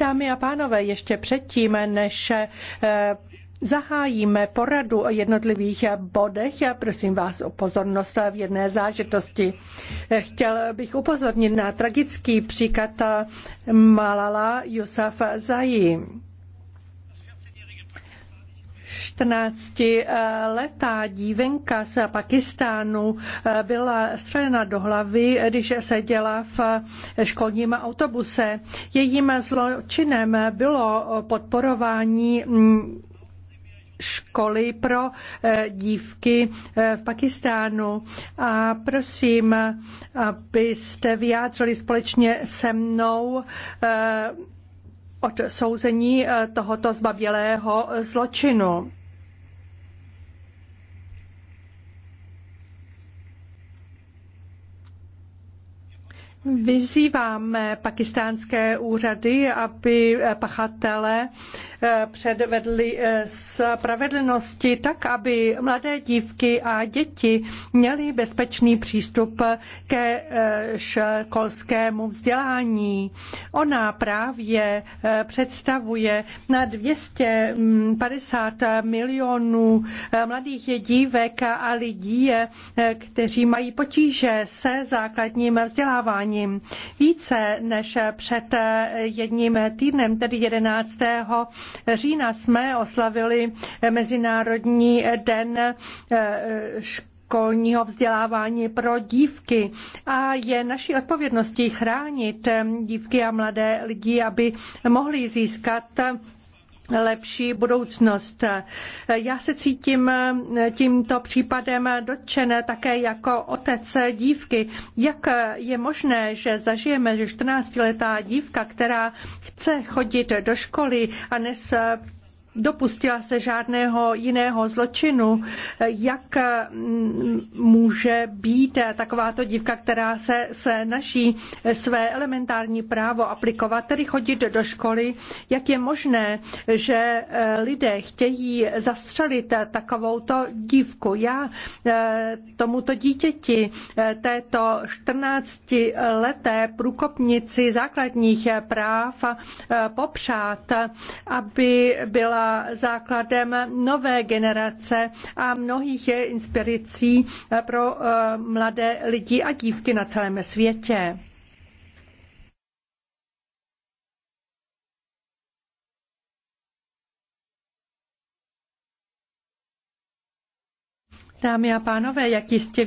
Dámy a pánové, ještě předtím, než eh, zahájíme poradu o jednotlivých bodech. Já prosím vás o pozornost v jedné zážitosti. Chtěl bych upozornit na tragický příklad Malala Yousafzayi. 14-letá eh, dívenka z Pakistánu eh, byla střelena do hlavy, když seděla v eh, školním autobuse. Jejím zločinem bylo podporování mm, školy pro dívky v Pakistánu. A prosím, abyste vyjádřili společně se mnou odsouzení eh, tohoto zbabělého zločinu. Vyzýváme pakistánské úřady, aby eh, pachatele eh, předvedli eh, spravedlnosti tak, aby mladé dívky a děti měly bezpečný přístup ke školskému vzdělání. Ona právě představuje na 250 milionů mladých dívek a lidí, kteří mají potíže se základním vzděláváním jednáním. Více než před jedním týdnem, tedy 11. října, jsme oslavili Mezinárodní den eh, školního vzdělávání pro dívky a je naší odpovědností chránit dívky a mladé lidi, aby mohli získat lepší budoucnost. Já se cítím tímto případem dotčen také jako otec dívky. Jak je možné, že zažijeme, že 14-letá dívka, která chce chodit do školy a dnes dopustila se žádného jiného zločinu, jak mm, může být takováto dívka, která se snaží své elementární právo aplikovat, tedy chodit do školy, jak je možné, že eh, lidé chtějí zastřelit takovouto dívku. Já eh, tomuto dítěti, eh, této 14 leté průkopnici základních práv popřát, aby byla byla základem nové generace a mnohých je inspirací eh, pro eh, mladé lidi a dívky na celém světě. Dámy a pánové, jak jistě